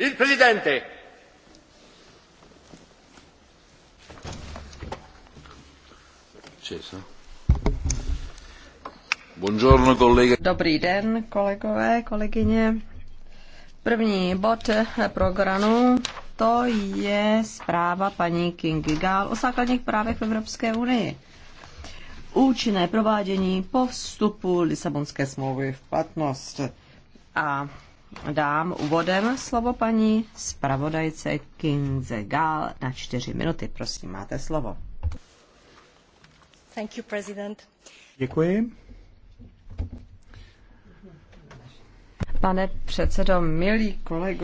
Il Presidente. Buongiorno, kolega. Dobrý den, kolegové, kolegyně. První bod programu to je zpráva paní Kingy Gál o základních právech v Evropské unii. Účinné provádění po vstupu Lisabonské smlouvy v platnost. A dám úvodem slovo paní zpravodajce Kinze Gál na čtyři minuty. Prosím, máte slovo. Thank you, president. Děkuji. Pane předsedo, milí kolego,